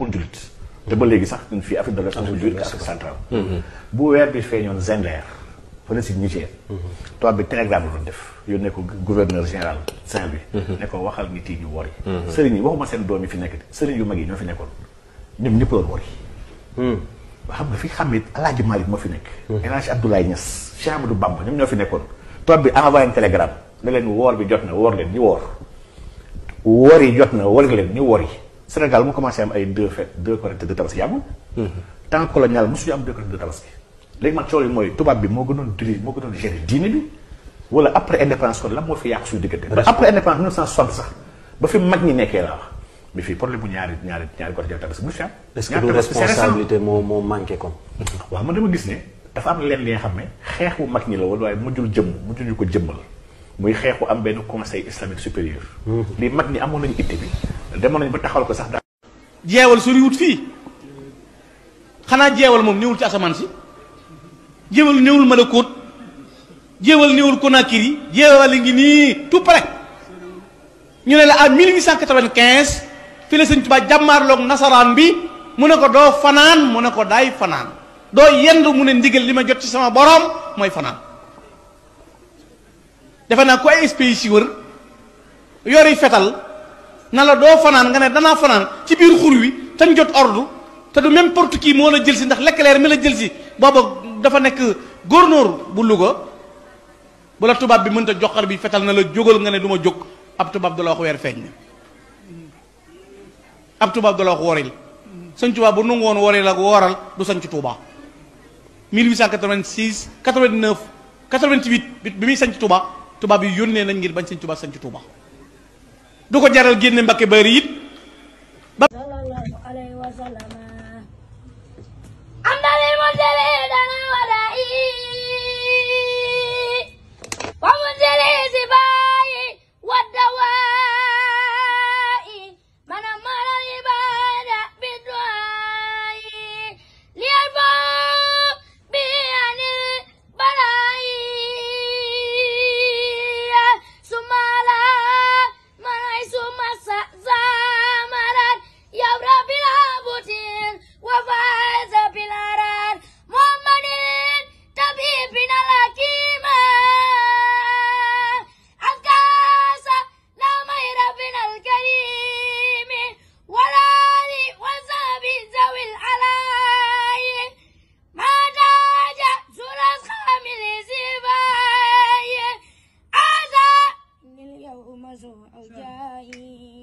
jullit léegi sax ñun fii de l'Ouest amul jullit mm-hmm. bu weer bi feeñoon Zinder fële si Niger mm-hmm. tubaab bi télégramme la doon def yónnee ko gouverneur général Saint-Louis mm-hmm. ne ko waxal nit yi ñu wori sëriñ yi waxuma seen doom yi fi nekk sëriñ yu mag yi ñoo fi nekkoon ñoom ñëpp doon wori mm. xam nga fi xam ne El Hadj Malick moo fi nekk El Hadj Abdoulaye Niass Cheikh Amadou Bamba ñoom ñoo fi nekkoon tubaab bi envoyé un télégramme ne leen woor bi jot na woor leen ñu woor woor yi jot na woor leen ñu woor Sénégal mu commencé am ay deux fait deux korité de tabaski yàggul mm-hmm. tant colonial mosuñu am deux korité de tabaski léegi ma coow moy tubab bi mo gënon diri mo gënon gérer diine bi wala après indépendance kon lan moo fi yàq su diggante après indépendance 1960 sax ba fi mag ni nekkee la wax mais fi problème bu ñaari ñaari ñaari côté jafe tabaski mu fi am est-ce que responsabilité mo mo manqué kon mm-hmm. wa ma dama gis né dafa am lén li nga xam ne bu mag ni la wala waaye mujjul jëmm mujjul ko jëmmal muy xéxu am benn conseil islamique supérieur mm-hmm. li mag ni amono ñu itte bi demo nañ ba taxal ko sax da jéewal suri wut fi xana jéewal mom néewul ci asaman si jeewal néewul malakóot jeewal néewul konakiri jéewal ngi ni tout près ñu né la à 1895 fi la touba jamar lok nasaran bi mu ne ko do fanaan mu ne ko day fanaan do yend mu ne ndigal lima jot ci sama borom moy fanan defana ko ay espèce ci wër yori fetal na la doo fanaan nga ne danaa fanaan ci biir xur wi tañ jot ordre te du même porte qui moo la jël si ndax lekkleer mi la jël si booba dafa nekk gouverneur bu lugo bu la tubaab bi mënta joxar bi fetal na la jógal nga ne du ma jóg ab tubaab du la wax weer feeñ ab tubaab du la wax woril sëñ tubaab bu nangu woril ak woral du sañ ci 1886 89 88 bi muy sañ ci tubaab yi yónnee nañ ngir bañ sëñ tubaab du ko jaral génne mbakke bari it. وفاز بالأرار محمد طبيبنا الحكيم الكاس لا مير بنا الكريم ولا وزاب ذوي العلاي ما داج سرس خامل زباي هذا اليوم زوع جاي